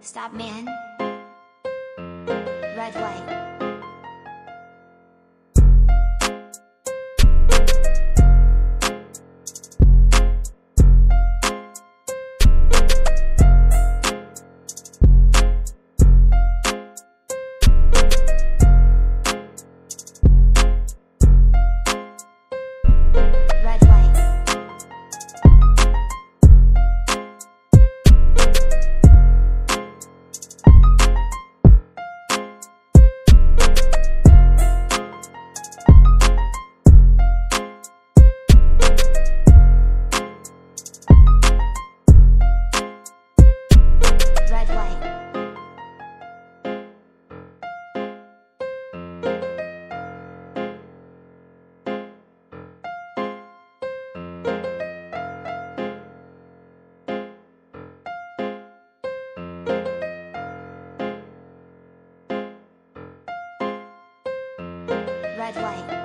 Stop man. Red light. red light.